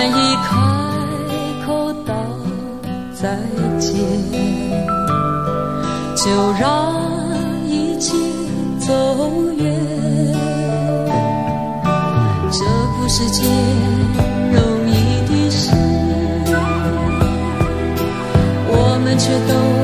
難以開口道再見，就讓一切走遠。這不是件容易的事，我們卻都。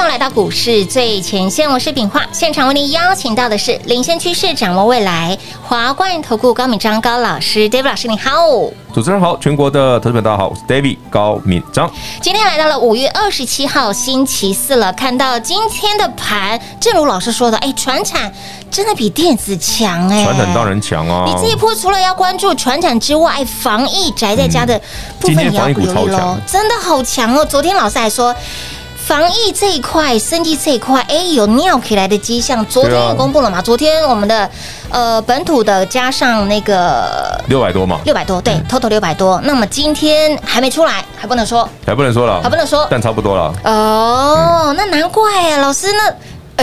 又來到股市最前線，我是炳華。現場為您邀請到的是領先趨勢，掌握未來，華冠投顧高敏章高老師，David 老師，你好。主持人好，全國的投資朋友大家好，我是 David 高敏章。今天來到了五月二十七號星期四了，看到今天的盤，正如老師說的，哎，傳產真的比電子強哎，傳產當然強啊。你自己波除了要關注傳產之外、哎，防疫宅在家的部分也要留意嘍，今天防疫股超強。真的好強哦。昨天老師還說。防疫這一塊，生技這一塊，哎、欸，有尿起來的跡象。昨天有公布了嗎、啊？昨天我們的呃本土的加上那個六百多嘛，六百多，對，total 六百多。那麼今天還沒出來，還不能說，還不能說了，還不能說，但差不多了。哦、嗯，那難怪、啊、老師那，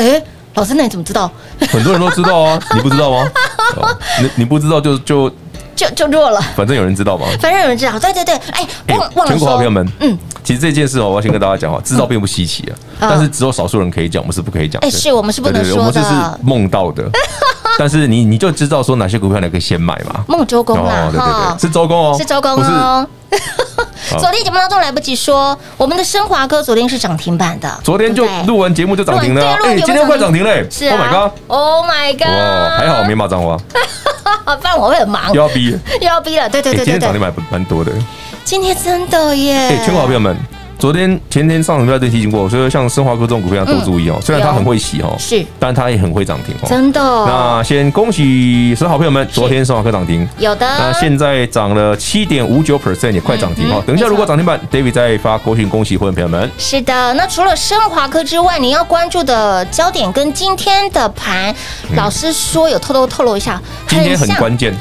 哎、欸，老師那你怎麼知道？很多人都知道啊， 你不知道嗎？你、 哦、你不知道就就就就弱了，反正有人知道嘛，反正有人知道。對對對，哎、欸，網、欸、網全國好朋友們，嗯。其實這件事哦，我要先跟大家講哈，知道並不稀奇啊，嗯、但是只有少數人可以講，我們是不可以講。哎、欸，是我們是不能說的，對對對。我們是夢到的， 但是你你就知道說，哪些股票你可以先買嘛。夢周公啦哈、哦，對對對哦，是周公哦，是周公哦。哦，昨天節目當中來不及說，我們的生華科昨天是漲停板的、啊，昨天就錄完節目就漲停了、啊，哎、欸，今天快漲停嘞、啊、！Oh my god！Oh my god！還好沒罵髒話。啊，不然我會很忙。又要逼，了又要逼了，又要逼了，對對對，對，對、欸，今天漲停板蠻蠻多的。今天真的耶、欸！哎，全國好朋友們，昨天、前天上場都來都提醒過，所以說像生華科這種股票要多注意哦、嗯。雖然它很會洗哦，是，但它也很會漲停哦。真的。那先恭喜所有好朋友們，昨天生華科漲停。有的。那現在漲了七點五九 percent，也快漲停哦、嗯嗯。等一下如果漲停板、嗯嗯、David 再發快訊恭喜會員朋友們。是的。那除了生華科之外，你要關注的焦點跟今天的盤、嗯，老師說有偷偷透、透、透露一下，今天很關鍵。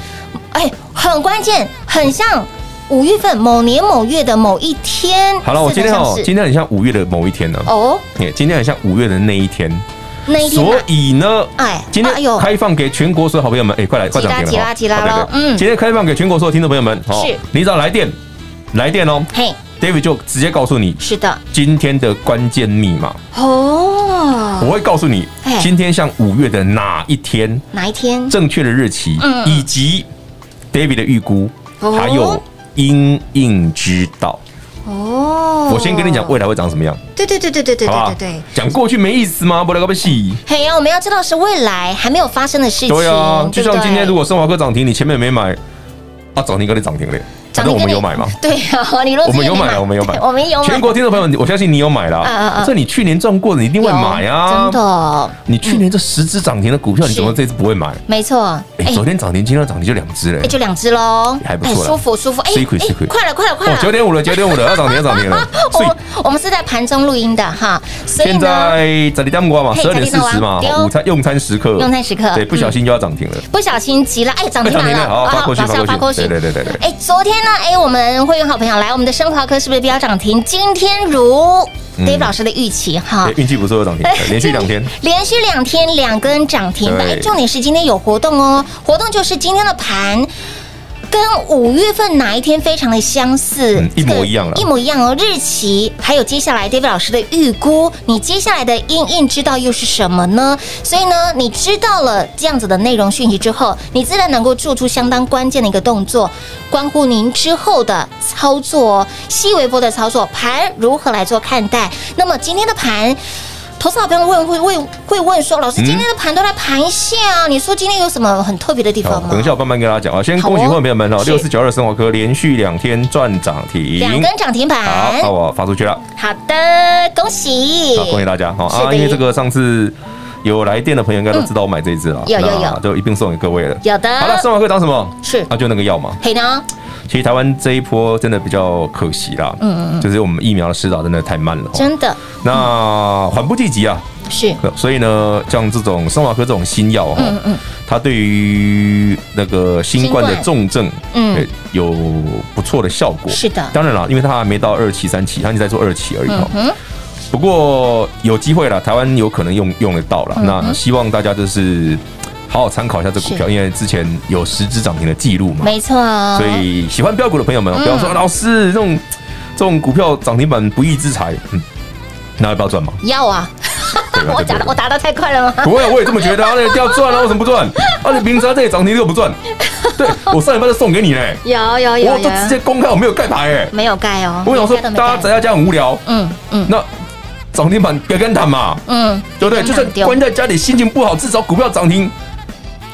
哎，很關鍵，很像。欸很五月份某年某月的某一天，好了，我今天哦，今天很像五月的某一天呢、啊。哦、oh?，今天很像五月的那一天。一天啊、所以呢，哎，今天開放給全國所有好朋友們，哎、欸，快來快漲停了。嗯，今天開放給全國所有聽眾朋友們，好，是你只要來電，來電哦。嘿、hey、，David 就直接告訴你，是的，今天的關鍵密碼哦，我會告訴你，今、hey、天像五月的哪一天，哪一天正確的日期嗯嗯，以及 David 的預估，oh? 還有。因應之道哦，oh, 我先跟你講未來會長什麼樣。對對對對對對對對對，對，講過去沒意思嗎？不拉高不洗。嘿呀、啊，我們要知道是未來還沒有發生的事情。對呀、啊。就像今天如果生華科漲停對對，你前面也沒買，它、啊、漲停跟你漲停咧。啊、那我們有買嗎？對啊、哦，我們有買了，我們有買了，我們有買。全國聽眾朋友，我相信你有買了啊。啊啊啊！這你去年中過的，你一定會買啊、嗯！真的。你去年這十隻漲停的股票、嗯，你怎麼這次不會買？沒錯。哎、欸欸，昨天漲停，今天漲停就兩隻嘞。哎、欸，就兩隻嘍，還不錯、欸，舒服舒服。哎、欸，水水水水。快了快了快了！哦，九點五了，九點五了，要漲停要漲停了。我我們是在盤中錄音的哈，現在這裡戴嘛，十二點四十嘛，午餐用餐時刻，用餐時刻，對，不小心就要漲停了，不小心急了，哎，漲停了，好，發過去發過去，對對對對對。哎，昨天。那哎、欸，我們會員好朋友來，我們的生華科是不是飆漲停？今天如 David 老師的預期，哈、欸，運氣不錯，漲停、欸，連續兩天，連續兩天兩根漲停板。重點是今天有活動哦，活動就是今天的盤。跟五月份那一天非常的相似，嗯、一模一樣了，一模一樣哦，日期，還有接下來 David 老師的預估，你接下來的因應知道又是什麼呢？所以呢，你知道了這樣子的內容訊息之後，你自然能夠做出相當關鍵的一個動作，關乎您之後的操作，細微波的操作盤如何來做看待？那麼今天的盤。多少朋友問，會問會問說，老師、嗯、今天的盤都在盤一下啊、哦？你說今天有什麼很特別的地方嗎？等一下我慢慢跟大家講啊。先恭喜朋友們哈、哦，六四九二生華科連續兩天賺漲停，兩根漲停板。好，那我發出去了。好的，恭喜，好恭喜大家。好、哦、啊，因為這個上次。有來電的朋友應該都知道我買這一支了，嗯、有有有，就一並送給各位了。有的，好了，生華科當什麼？是、啊、就那個藥嘛。以農，其實台灣這一波真的比較可惜啦。嗯嗯就是我們疫苗的施打真的太慢了。真的。嗯、那緩不濟急啊。是。所以呢，像這種生華科這種新藥哈，嗯嗯，它對於那個新冠的重症，嗯、欸，有不錯的效果。是的。當然了，因為它還沒到二期、三期，它就在做二期而已。嗯，嗯。不過有機會了，台灣有可能用用得到了、嗯。那希望大家就是好好參考一下這股票，因為之前有十只漲停的記錄嘛。沒錯。所以喜歡飆股的朋友們，不要說、嗯啊、老師，這種這種股票漲停板不義之財，嗯，那要不要賺嘛？要啊！我，我打的我打得太快了嗎？不會、啊，我也這麼覺得。 啊、要且掉賺了，為什麼不賺？而且明明在這裡漲停就不賺。 對，我三點半就送給你嘞。有有有，我都直接公開，我沒有蓋牌哎、欸，沒有蓋哦。我想說，大家宅在家，家很無聊，嗯嗯，那。漲停板別跟談嘛，嗯，對不對？就算關在家裡心情不好，嗯、至少股票漲停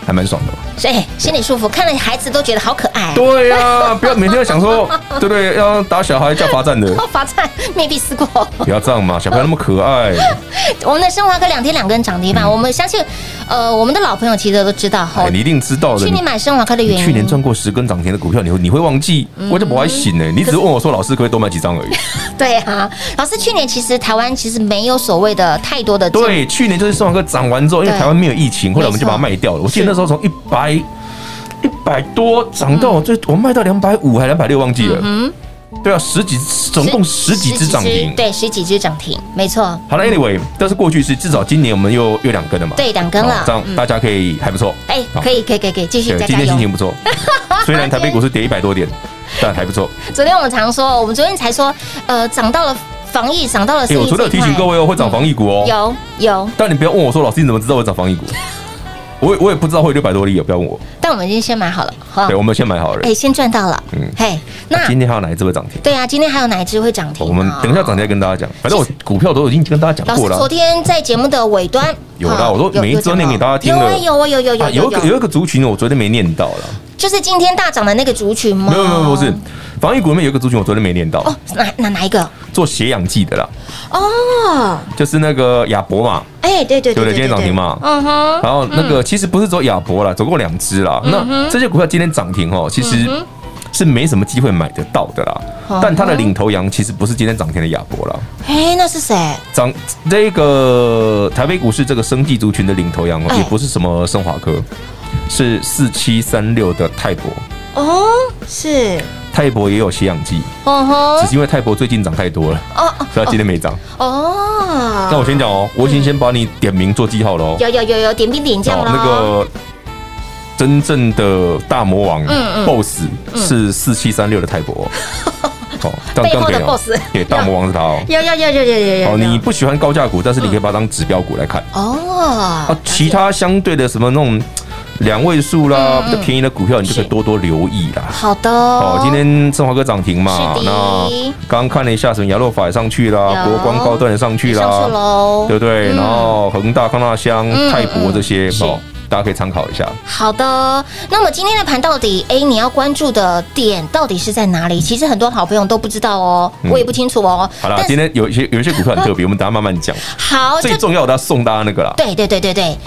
還蠻爽的嘛。嗯哎，心裡舒服，看了孩子都覺得好可愛、啊。對呀、啊，不要每天要想說， 對不對,對？要打小孩叫要罰站的，罰站面壁思過。不要這樣嘛，小朋友那麼可愛。 我們的生華科兩天兩根漲停板，我們相信，呃，我們的老朋友其實都知道哈、哎。你一定知道的。去年買生華科的原因，去年賺過十根漲停的股票，你會你會忘記嗯嗯？我就不愛信呢。你只是問我說，老師可,可以多買幾張而已。對啊，老師去年其實台灣其實沒有所謂的太多的。對，去年就是生華科漲完之後，因為台灣沒有疫情，後來我們就把它賣掉了。我記得那時候從一百。哎，一百多漲到最我賣到兩百五還是兩百六忘記了。嗯，對啊，十幾，總共十幾只漲停，對，十幾只漲停，沒錯。好了，Anyway，、嗯、但是過去是至少今年我們又又兩根了嘛？對，兩根了，這樣大家可以、嗯、還不錯。哎、欸，可以，可以，可以，繼續加油。今天心情不錯，雖然台北股市跌一百多點， 但還不錯。昨天我們常說，我們昨天才說，呃，漲到了防疫，漲到了、欸。我除了提醒各位哦、喔嗯，會漲防疫股哦、喔，有有。但你不要問我說，老師你怎麼知道我漲防疫股？我我也不知道會有六百多億、啊、不要問我。但我們已經先買好了，好，對，我們先買好了。哎、欸，先賺到了，嗯，嘿。那、啊、今天還有哪一支會漲停？對啊，今天還有哪一支會漲停、哦？我們等一下漲停再跟大家講。反正我股票都已經跟大家講過了。昨天在節目的尾端、嗯，有啦，我說每一周念給大家聽了，有,有,有啊，有啊有有有,有,有,有,有、啊，有一個有一個族群我昨天沒念到了。就是今天大漲的那個族群嗎？沒有沒有不是，防疫股裡面有一個族群，我昨天沒念到。哦，哪哪哪一個？做血氧計的啦。哦，就是那個亞博嘛。哎、欸、對對對，對，今天漲停嘛對對對對對。嗯哼。然後那個其實不是走亞博啦，走過兩隻啦、嗯。那這些股票今天漲停哦，其實是沒什麼機會買得到的啦、嗯。但它的領頭羊其實不是今天漲停的亞博啦。嘿，那是誰？漲這個台北股市這個生技族群的領頭羊，哦，也不是什麼生華科。欸是四七三六的泰博哦，是泰博也有血氧機，哦。哼、哦，只是因為泰博最近漲太多了哦，所以它今天沒漲哦，哦。那我先講哦、喔，我已經先把你點名做記號了、嗯、有有有有點兵點將了。哦，那個真正的大魔王、嗯嗯、BOSS 是四七三六的泰博、喔，哈、嗯、哈，哦、嗯，這樣可以了，背後的 BOSS，對，yeah，大魔王是他哦、喔。有有有有有有有，有，有，有，有，有，你不喜歡高價股，但是你可以把它當指標股來看哦。啊，其他相對的什麼那種。兩位數啦，嗯嗯、比較便宜的股票你就可以多多留意啦。好的。好，今天生華科漲停嘛？那剛看了一下什麼亞諾法也上去啦，國光、高端也上去啦，對不對？嗯、然後恆大、康那香、嗯、泰博這些，嗯嗯、好，大家可以參考一下。好的。那麼今天的盤到底、欸，你要關注的點到底是在哪裡？其實很多好朋友都不知道哦、喔。我也不清楚哦、喔嗯。好了，今天有一些有一些股票很特別、啊，我們等下慢慢講。好。最重要的要送大家那個啦。對對對對對。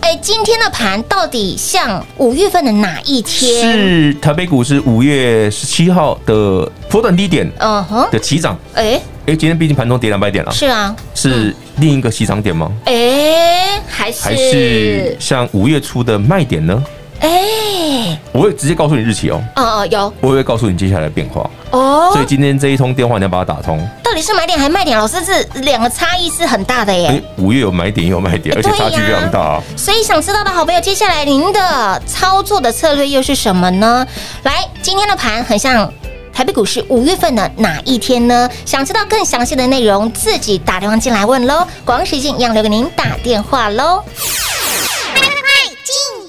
哎，今天的盤到底像五月份的哪一天？是台北股市五月十七號的波段低點，嗯哼的起漲。哎、uh、哎 -huh.，今天畢竟盤中跌兩百點了，是啊，是、嗯、另一個起漲點嗎？哎，還是還是像五月初的賣點呢？哎，我會直接告訴你日期哦。嗯啊，有，我會告訴你接下來的變化哦。Uh -huh. 所以今天這一通電話你要把它打通。到底是買點還是賣點，老師是兩個差異是很大的耶。五月有買點也有賣點，而且差距非常大。所以想知道的好朋友，接下來您的操作的策略又是什麼呢？來，今天的盤很像台北股市五月份的哪一天呢？想知道更詳細的內容，自己打電話進來問嘍。廣時間一樣留給您打電話嘍。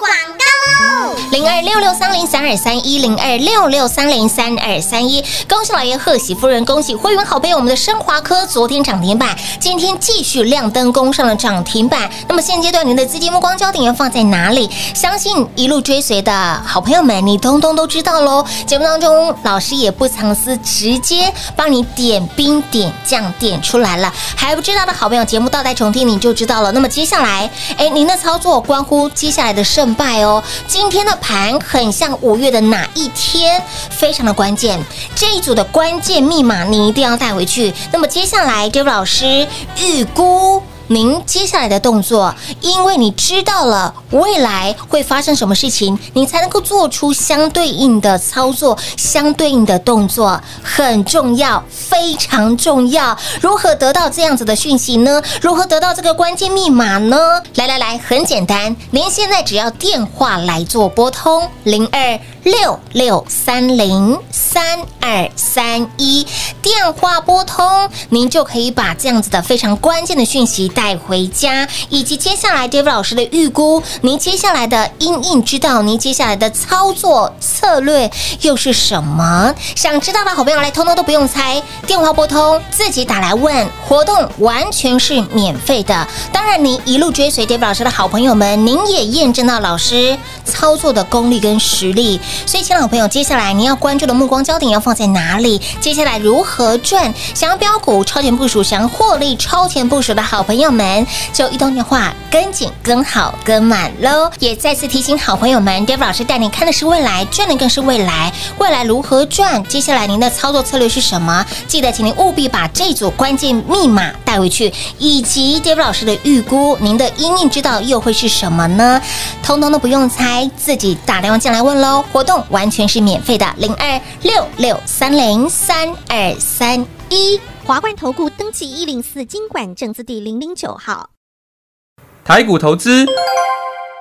廣告嘍，零二六六三零三二三一零二六六三零三二三一，恭喜老爺賀喜夫人，恭喜會員好朋友，我們的生華科昨天漲停板，今天繼續亮燈攻上了漲停板。那麼現階段您的資金目光焦點要放在哪裡？相信一路追隨的好朋友們，你通通都知道嘍。節目當中老師也不藏私，直接幫你點兵點將點出來了。還不知道的好朋友，節目倒帶重聽你就知道了。那麼接下來，哎，您的操作關乎接下來的勝。拜哦！今天的盤很像五月的那一天，非常的關鍵。這一組的關鍵密碼你一定要帶回去。那麼接下來，這位老師預估。您接下來的動作，因為你知道了未來會發生什麼事情，你才能夠做出相對應的操作、相對應的動作，很重要，非常重要。如何得到這樣子的訊息呢？如何得到這個關鍵密碼呢？來來來，很簡單，您現在只要電話來做撥通。零二。六六三零三二三一，電話撥通，您就可以把這樣子的非常關鍵的訊息帶回家，以及接下來 David 老師的預估，您接下來的因應之道，您接下來的操作策略又是什麼？想知道的好朋友來，通通都不用猜，電話撥通自己打來問，活動完全是免費的。當然，您一路追隨 David 老師的好朋友們，您也驗證到老師操作的功力跟實力。所以，親老朋友，接下來您要關注的目光焦點要放在哪裡？接下來如何賺？想要飆股超前部署，想要獲利超前部署的好朋友們，就一通電話跟緊、跟好、跟滿嘍！也再次提醒好朋友們 David 老師帶您看的是未來，賺的更是未來。未來如何賺？接下來您的操作策略是什麼？記得，請您務必把這組關鍵密碼帶回去，以及 David 老師的預估，您的因應之道又會是什麼呢？通通都不用猜，自己打電話進來問嘍！活動完全是免費的，零二六六三零三二三一，華冠投顧登記一零四金管證字第零零九號台股投資。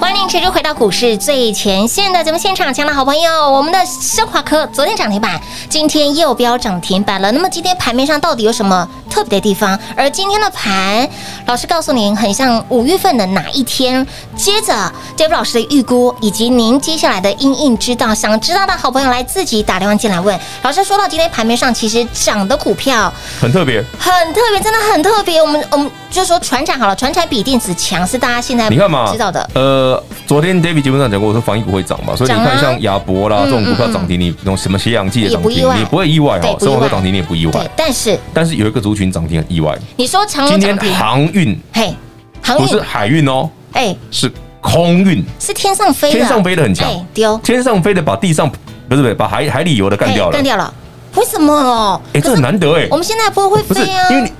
歡迎池叔回到股市最前線的節目現場，強的好朋友，我們的生華科昨天漲停板，今天又飆漲停板了。那麼今天盤面上到底有什麼特別的地方？而今天的盤，老師告訴您，很像五月份的哪一天？接着，David 老師的預估，以及您接下來的因應應之道，想知道的好朋友來自己打電話進來問。老師說到，今天盤面上其實漲的股票很特別，很特別，真的很特別。我們，我們。就是說，傳產好了，傳產比電子強，是大家現在不知道的，你看嘛知道的。呃，昨天 David 節目上講過，我說防疫不會漲嘛、啊，所以你看像亞博啦、嗯、這種股票漲停，嗯、你那種什麼血氧機也漲停，不你不會意外哈，生活股漲停你也不意外。意外但是但是有一個族群漲停很意外，你說長今天航運嘿，航運不是海運哦、喔，哎是空運，是天上飛的，天上飛的很強、哦，天上飛的把地上對不是不是把海海裡游的幹掉了，幹掉了，為什麼哦？哎、欸，這很難得哎、欸，我們現在不會飛啊，因為你。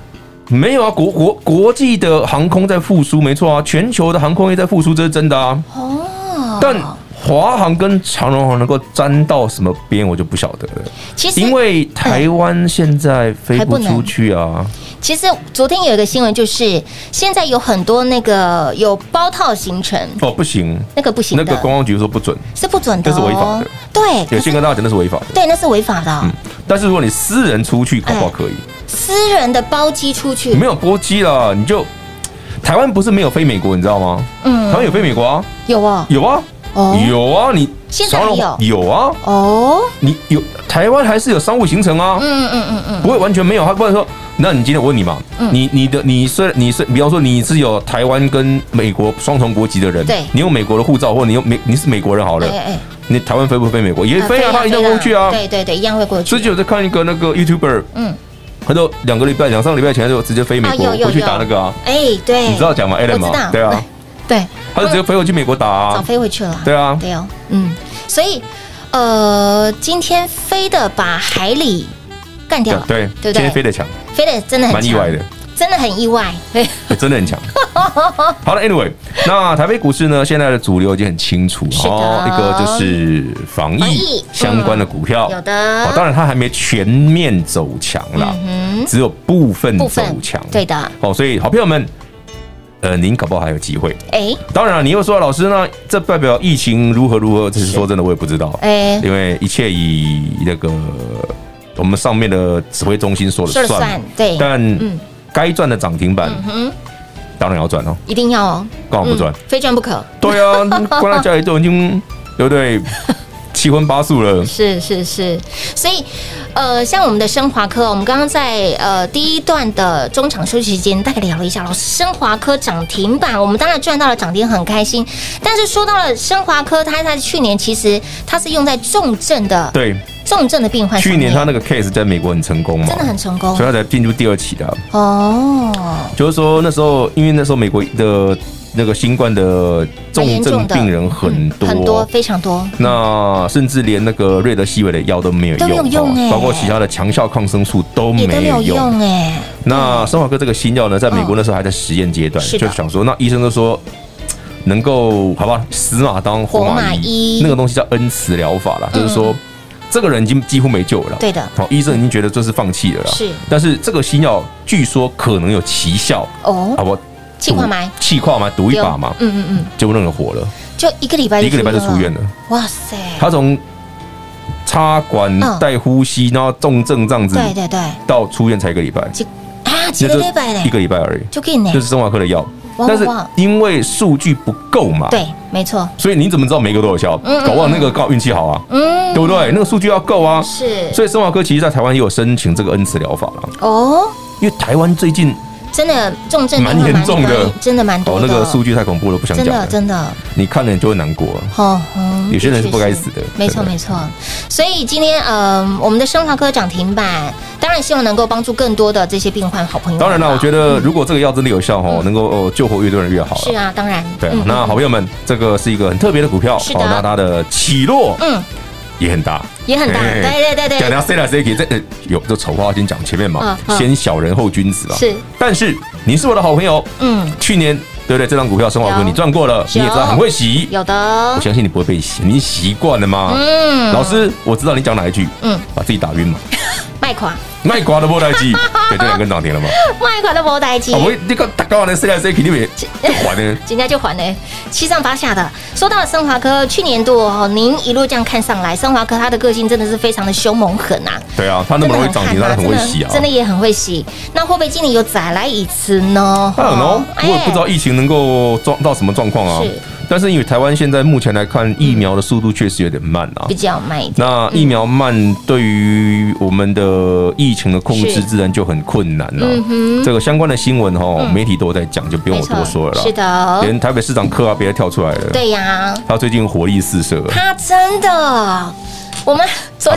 沒有啊，國國國際的航空在復甦，沒錯啊，全球的航空業在復甦，這是真的啊。哦，但。華航跟長榮航能夠沾到什麼邊，我就不曉得了。其實，因為台灣現在飛不出去啊、欸。其實昨天有一個新聞，就是現在有很多那個有包套行程哦，不行，那個不行，那個觀光局說不准，是不准的、哦，這是違法的。對，有憲哥大家講那是違法的，對，是對那是違法的。嗯，但是如果你私人出去，可，欸、不可以？私人的包機出去，沒有包機了，你就台灣不是沒有飛美國，你知道嗎？嗯，台灣有飛美國、啊有哦，有啊，有啊。哦、有啊，你常有有啊。哦，你有台灣還是有商務行程啊？嗯嗯嗯嗯，不會完全沒有。他不會說，那你今天我問你嘛，嗯、你你的你雖你是比方說你是有台灣跟美國雙重國籍的人，對你有美國的護照，或者你有美你是美國人好了。哎哎，你台灣飛不飛美國？、哎哎、飛不飛美國？也飛啊，啊啊他一樣過去啊。對對對，一樣會過去。最近我在看一個那個 YouTuber，嗯，他都兩個禮拜、兩三個禮拜前就直接飛美國、啊、有有有回去打那個啊。哎，對，你知道講嗎？Adam，對啊，對。對他只有飛回去美國打，早飛回去了。對啊，對啊，嗯，所以呃，今天飛的把海里幹掉，對對，對，對，今天飛的強，飛的真的很蠻意外的，真的很意外，對，欸、真的很強。好了，Anyway，那台北股市呢，現在的主流已經很清楚哦，一個就是防疫相關的股票，嗯、有的，當然它還沒全面走強了、嗯，只有部分走強，對的，哦，所以好朋友們。呃，您搞不好還有機會。哎、欸，當然了你又說，老師，那這代表疫情如何如何？是其實說真的，我也不知道。欸、因為一切以那個我們上面的指揮中心算說了算。對。但該賺的漲停板、嗯，當然要賺哦、喔。一定要哦、喔。幹嘛不賺、嗯？非賺不可。對啊，關在家裡都已經，對不對？ 七葷八素了，是是是，所以，呃，像我們的生華科，我們剛剛在呃第一段的中場休息時間大概聊了一下，老師，生華科漲停板，我們當然賺到了漲停，很開心。但是說到了生華科，它它去年其實它是用在重症的，對重症的病患。去年它那個 case 在美國很成功嘛，真的很成功，所以它才進入第二期的、啊。哦，就是說那時候，因為那時候美國的。那個新冠的重症病人很多、嗯、很多非常多、嗯，那甚至連那個瑞德西韋的藥都沒有用，用，用、欸、包括其他的強效抗生素都沒有用誒、欸欸。那生華科這個新藥呢，在美國那時候還在實驗階段、嗯，就想說，嗯、那醫生都說能夠好吧，死馬當活馬，馬醫，那個東西叫恩慈療法了、嗯，就是說這個人已經幾乎沒救了，對的，好醫生已經覺得這是放棄了、嗯、是。但是這個新藥據說可能有奇效哦，好賭氣跨嘛，賭一把嘛？嗯嗯嗯，就那個火了？就一個禮拜一個禮拜就出院了？哇塞！他從插管、帶、哦、呼吸，然後重症這樣子，對對對，到出院才一個禮拜，啊，幾個一個禮拜嘞，一個禮拜而已，就可以、欸，就是生華科的藥。但是因為數據不夠嘛，對，沒錯。所以你怎麼知道每個都有效？嗯、搞不好那個高運氣好啊，嗯，對不對？嗯、那個數據要夠啊，是。所以生華科其實，在台灣也有申請這個恩慈療法了。哦，因為台灣最近。真的重症蠻嚴重的，真的蠻哦，那個數據太恐怖了，不想講。真的真的，你看了你就會難過。哦，嗯、有些人是不該死的，嗯、的沒錯沒錯。所以今天、呃、我們的生華科漲停板，當然希望能夠幫助更多的這些病患好朋友們好。當然了、啊，我覺得如果這個藥真的有效，嗯、能夠救活越多人越好，是啊，當、嗯、然、嗯。對、嗯、那好朋友們，這個是一個很特別的股票好、哦、那它的起落嗯。也很大，也很大，欸、對對對對。講點 sad，sad，有這醜話先講，前面嘛、哦哦，先小人後君子啊。是，但是你是我的好朋友，嗯，去年對不對？這張股票生華科你賺過了，你也知道很會洗有，有的，我相信你不會被洗，你習慣了嗎？嗯，老師，我知道你講哪一句，嗯，把自己打暈嘛。嗯賣瓜，賣瓜都無待機，這兩個漲停了嗎、啊？賣瓜都無待機，我你們就還呢？今天就還呢？七上八下的。說到了生華科，去年度哦，您一路這樣看上來，生華科他的個性真的是非常的兇猛狠啊！對啊，他那麼容易漲停，其、啊、他很會洗啊真，真的也很會洗。那會不會今年又再來一次呢？哈、啊、嘍，哦哎、我也不知道疫情能夠撞到什麼狀況啊。但是因為台灣現在目前來看，疫苗的速度確實有點慢啊，嗯、比較慢一點。那疫苗慢，對於我們的疫情的控制自然就很困難了、啊嗯。這個相關的新聞哈、嗯，媒體都在講，就不用我多說了啦。是的，連台北市長柯文哲跳出來了。 對呀、啊，他最近活力四射。他真的，我們。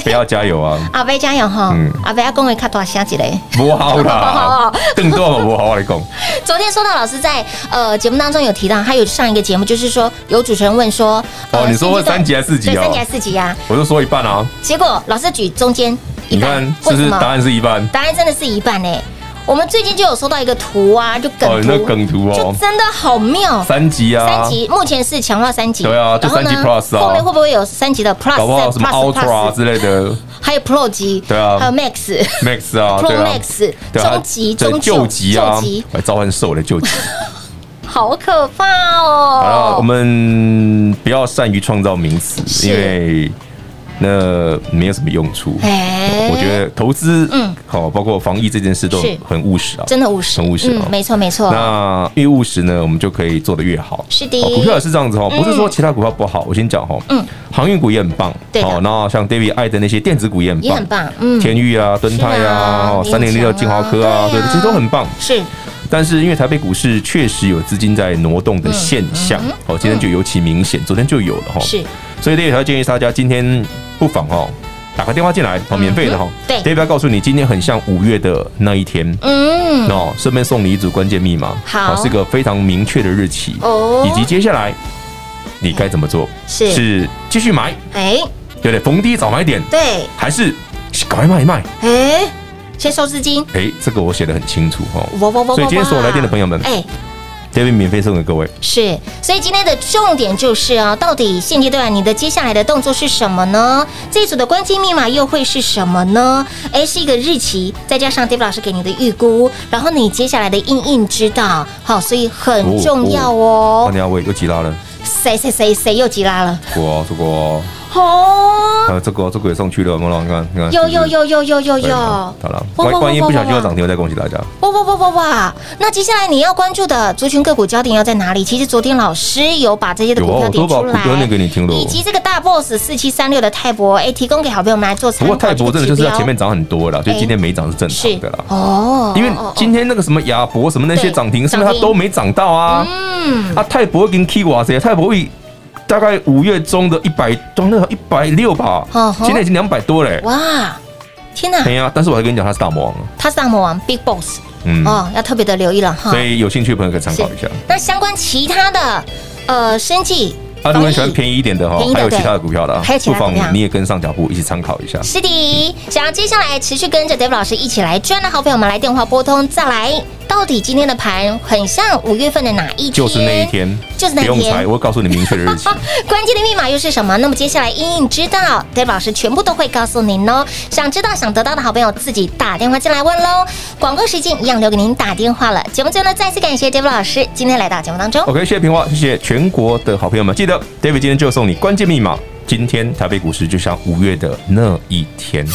不要加油啊！阿伯加油哈、嗯！阿伯要講話卡大聲一下嘞，不好啦，更 多不好我來講。 昨天說到老師在呃節目當中有提到，還有上一個節目就是說有主持人問說，呃、哦，你說問三級還是四級、喔、三級還是四級呀、啊？我就說一半啊。結果老師舉中間一半，你看，就是，是答案是一半，答案真的是一半嘞、欸。我們最近就有收到一個圖啊，就梗圖、哦哦，就真的好妙，三級啊，三級目前是強化三級，對啊，就三級 plus 啊，後面會不會有三級的 plus，搞不好有什麼 ultra 啊之類的，還有 pro 級，對啊，還有 max，max max 啊有，pro 啊啊 max，終極，終極、啊，終極，來、啊、召喚獸的究極，級 好可怕哦！好了，我們不要善於創造名詞，因為。那沒有什麼用處，欸、我覺得投資，嗯，好，包括防疫這件事都很務實啊，真的務實，很務實、啊嗯，沒錯沒錯。那越務實呢，我們就可以做得越好。是的，股票也是這樣子哈、嗯，不是說其他股票不好，我先講哈，嗯，航運股也很棒，對好，那像 David 愛的那些電子股也很棒，天宇啊、敦泰啊、三零六六、啊、生華科啊，對，其實都很棒是。是，但是因為台北股市確實有資金在挪動的現象，好、嗯嗯，今天就尤其明顯，昨天就有了哈。所以，第一條建議大家今天不妨哦、喔，打個電話進來，哦、喔，免費的哈。對，第告訴你，今天很像五月的那一天，嗯，哦、喔，順便送你一組關鍵密碼，好，喔、是一個非常明確的日期哦，以及接下來你該怎麼做？欸、是繼續買？哎、欸，對對，逢低早買一點，對、欸，還是趕快賣賣？哎、欸，先收資金？哎、欸，這個我寫得很清楚哦、喔啊。所以今天所有來電的朋友們，欸 David，免費送給各位。是，所以今天的重點就是啊，到底現階段、啊、你的接下來的動作是什麼呢？這一組的關鍵密碼又會是什麼呢？哎、欸，是一個日期，再加上 David 老師給你的預估，然後你接下來的因應之道，好，所以很重要哦。要、哦、威、哦啊啊、又急拉了，誰誰誰誰又急拉了？我這個。哦，還、啊、有這個，這個也送去了，莫，你看，你看，有有有有有有有好，好了，萬一不小心要漲停，我再恭喜大家。哇哇哇哇哇！那接下來你要關注的族群個股焦點要在哪裡？其實昨天老師有把這些的股票點出來，哦、給你聽的，以及這個大 boss 四七三六的泰博，哎、欸，提供給好朋友們來做參考。不過泰博真的就是要前面漲很多了啦，所以今天沒漲是正常的、欸。哦，因為今天那個什麼亞博什麼那些漲停是不是它都沒漲到啊？嗯，啊，泰博跟 k i 過 a 泰博。大概五月中的一百多，那一百六吧。Oh, oh. 現在已經兩百多了、欸。哇、wow，天哪、啊！但是我還跟你講，他是大魔王，他是大魔王，Big Boss。嗯，哦，要特別的留意了哈。所以有興趣的朋友可以參考一下。那相關其他的，呃，生技、啊，他如果你喜歡便宜一點的哈，還有其他的股票的，還有其他，不妨你也跟上腳步一起參考，考一下。是的，想要接下來持續跟着 David 老師一起來賺的好朋友，們來電話撥通再來。到底今天的盤很像五月份的哪一天？就是那一天，就是那天。不用猜，我會告訴你明確的日子、 哦。關鍵的密碼又是什麼？那麼接下來應應知道 ，David 老師全部都會告訴您哦。想知道、想得到的好朋友自己打電話進來問嘍。廣告時間一樣留給您打電話了。節目最後呢，再次感謝 David 老師今天來到節目當中。OK，謝謝平華，謝謝全國的好朋友們。記得 David 今天就送你關鍵密碼。今天台北股市就像五月的那一天。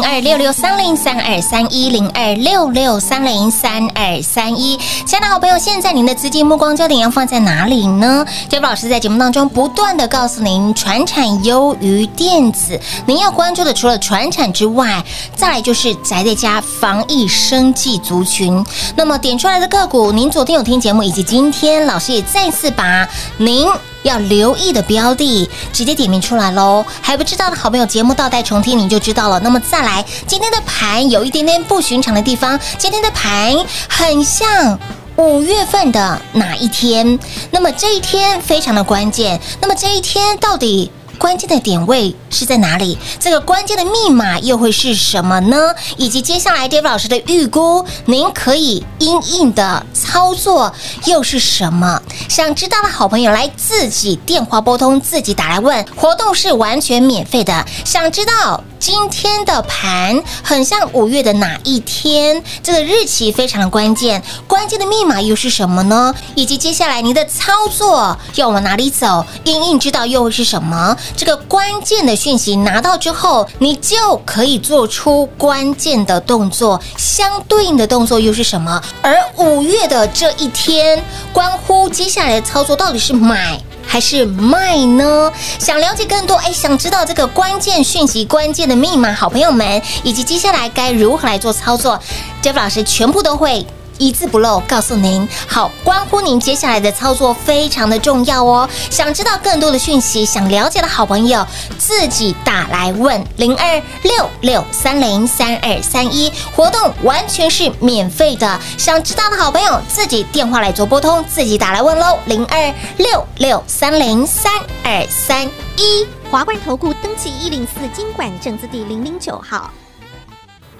零二六六三零三二三一零二六六三零三二三一，親愛的，好朋友，現在您的資金目光焦點要放在哪裡呢？杰寶老師在節目當中不斷地告訴您，傳產優於電子，您要關注的除了傳產之外，再來就是宅在家防疫生技族群。那麼點出來的個股，您昨天有聽節目，以及今天老師也再次把您。要留意的標的，直接點名出來嘍！還不知道的好朋友，節目倒帶重聽你就知道了。那麼再來，今天的盤有一點點不尋常的地方，今天的盤很像五月份的哪一天？那麼這一天非常的關鍵，那麼這一天到底？關鍵的點位是在哪裡？這個關鍵的密碼又會是什麼呢？以及接下來 David 老師的預估，您可以因應的操作又是什麼？想知道的好朋友來自己電話撥通，自己打來問。活動是完全免費的，想知道，今天的盤很像五月的哪一天？這個日期非常的關鍵，關鍵的密碼又是什麼呢？以及接下來你的操作要往哪裡走？因應之道又是什麼？這個關鍵的訊息拿到之後，你就可以做出關鍵的動作。相對應的動作又是什麼？而五月的這一天，關乎接下來的操作到底是買？還是賣呢？想了解更多，哎，想知道這個關鍵訊息、關鍵的密碼，好朋友們，以及接下來該如何來做操作，Jeff 老師全部都會。一字不漏告訴您，好，關乎您接下來的操作非常的重要哦。想知道更多的訊息，想了解的好朋友自己打來問零二六六三零三二三一，活動完全是免費的。想知道的好朋友自己電話來做撥通，自己打來問嘍零二六六三零三二三一，華冠投顧登記一零四金管證字第零零九號，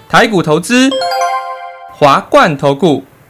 台股投資華冠投顧。